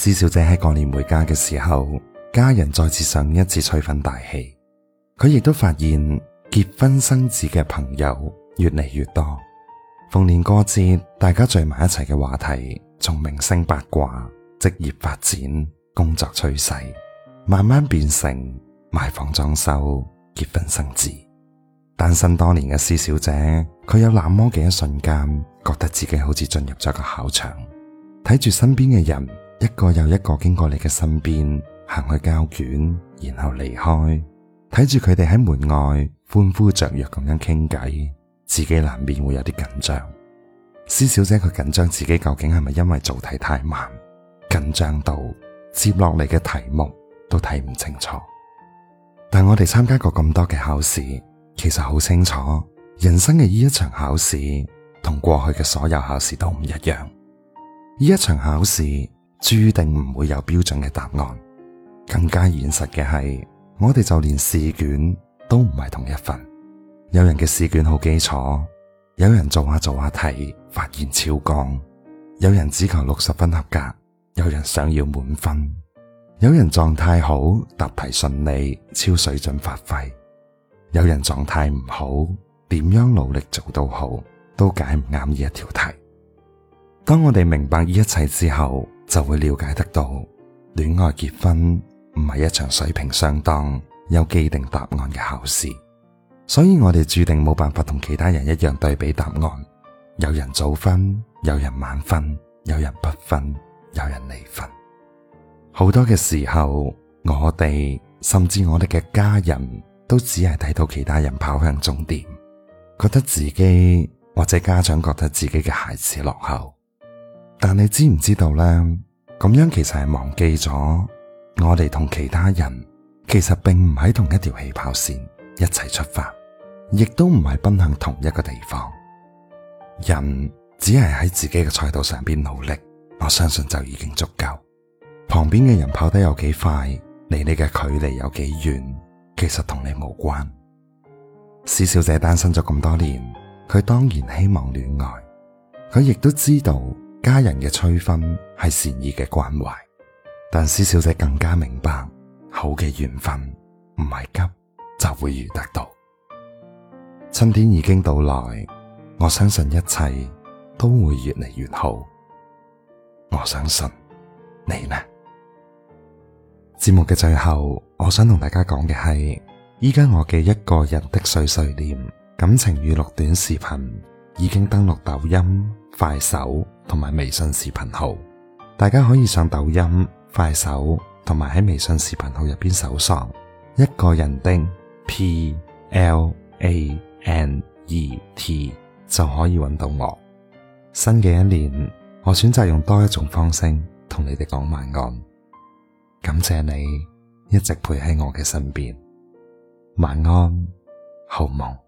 施小姐喺過年回家嘅時候，家人再次上一次催婚大戲。佢亦都發現結婚生子嘅朋友越嚟越多。逢年過節，大家聚埋一齊嘅話題，從明星八卦、職業發展、工作趨勢，慢慢變成買房裝修、結婚生子。單身多年嘅施小姐，佢有那麼嘅一瞬間，覺得自己好似進入咗個考場，睇住身邊嘅人，一個又一個經過你嘅身邊，行去交卷，然後離開，睇住佢哋喺門外歡呼雀躍咁樣傾偈，自己難免會有啲緊張。施小姐佢緊張自己究竟係咪因為做題太慢，緊張到接落嚟嘅題目都睇唔清楚。但我哋參加過咁多嘅考試，其實好清楚，人生嘅呢一場考試同過去嘅所有考試都唔一樣，呢一場考試。注定唔會有標準嘅答案，更加現實嘅係，我哋就連試卷都唔係同一份。有人嘅試卷好基礎，有人做下、啊、做下、啊、題發現超綱，有人只求六十分合格，有人想要滿分，有人狀態好答題順利超水準發揮，有人狀態唔好，點樣努力做到好都解唔啱呢一條題。當我哋明白呢一切之後。就會了解得到，戀愛結婚唔係一場水平相當、有既定答案嘅考試，所以我哋注定冇辦法同其他人一樣對比答案。有人早婚，有人晚婚，有人不婚，有人離婚。好多嘅時候，我哋甚至我哋嘅家人都只係睇到其他人跑向終點，覺得自己或者家長覺得自己嘅孩子落後。但你知唔知道咧？咁樣其實係忘記咗我哋同其他人其實並唔喺同一條起跑綫一齊出發，亦都唔係奔向同一個地方。人只係喺自己嘅賽道上邊努力，我相信就已經足夠。旁邊嘅人跑得有幾快，離你嘅距離有幾遠，其實同你無關。史小姐單身咗咁多年，佢當然希望戀愛，佢亦都知道。家人嘅催婚係善意嘅關懷，但施小姐更加明白好嘅緣分唔係急就會遇得到。春天已經到來，我相信一切都會越嚟越好。我相信你呢？節目嘅最後，我想同大家講嘅係，依家我嘅一個人的碎碎念感情語錄短視頻已經登錄抖音，快手同埋微信視頻號，大家可以上抖音、快手同埋喺微信視頻號入邊搜索一個人的 Planet 就可以揾到我。新嘅一年，我選擇用多一種方式同你哋講晚安。感謝你一直陪喺我嘅身邊，晚安，好夢。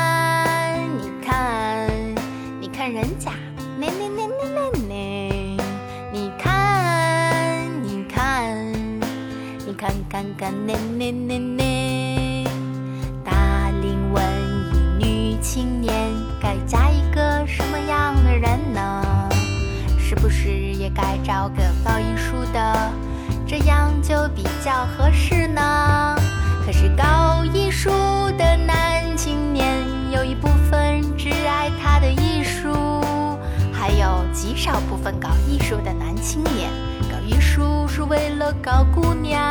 看看看，呢呢呢呢，大齡文藝女青年該嫁一個什麼樣的人呢？是不是也該找個搞藝術的，這樣就比較合適呢？可是搞藝術的男青年有一部分只愛他的藝術，還有極少部分搞藝術的男青年搞藝術是為了搞姑娘。.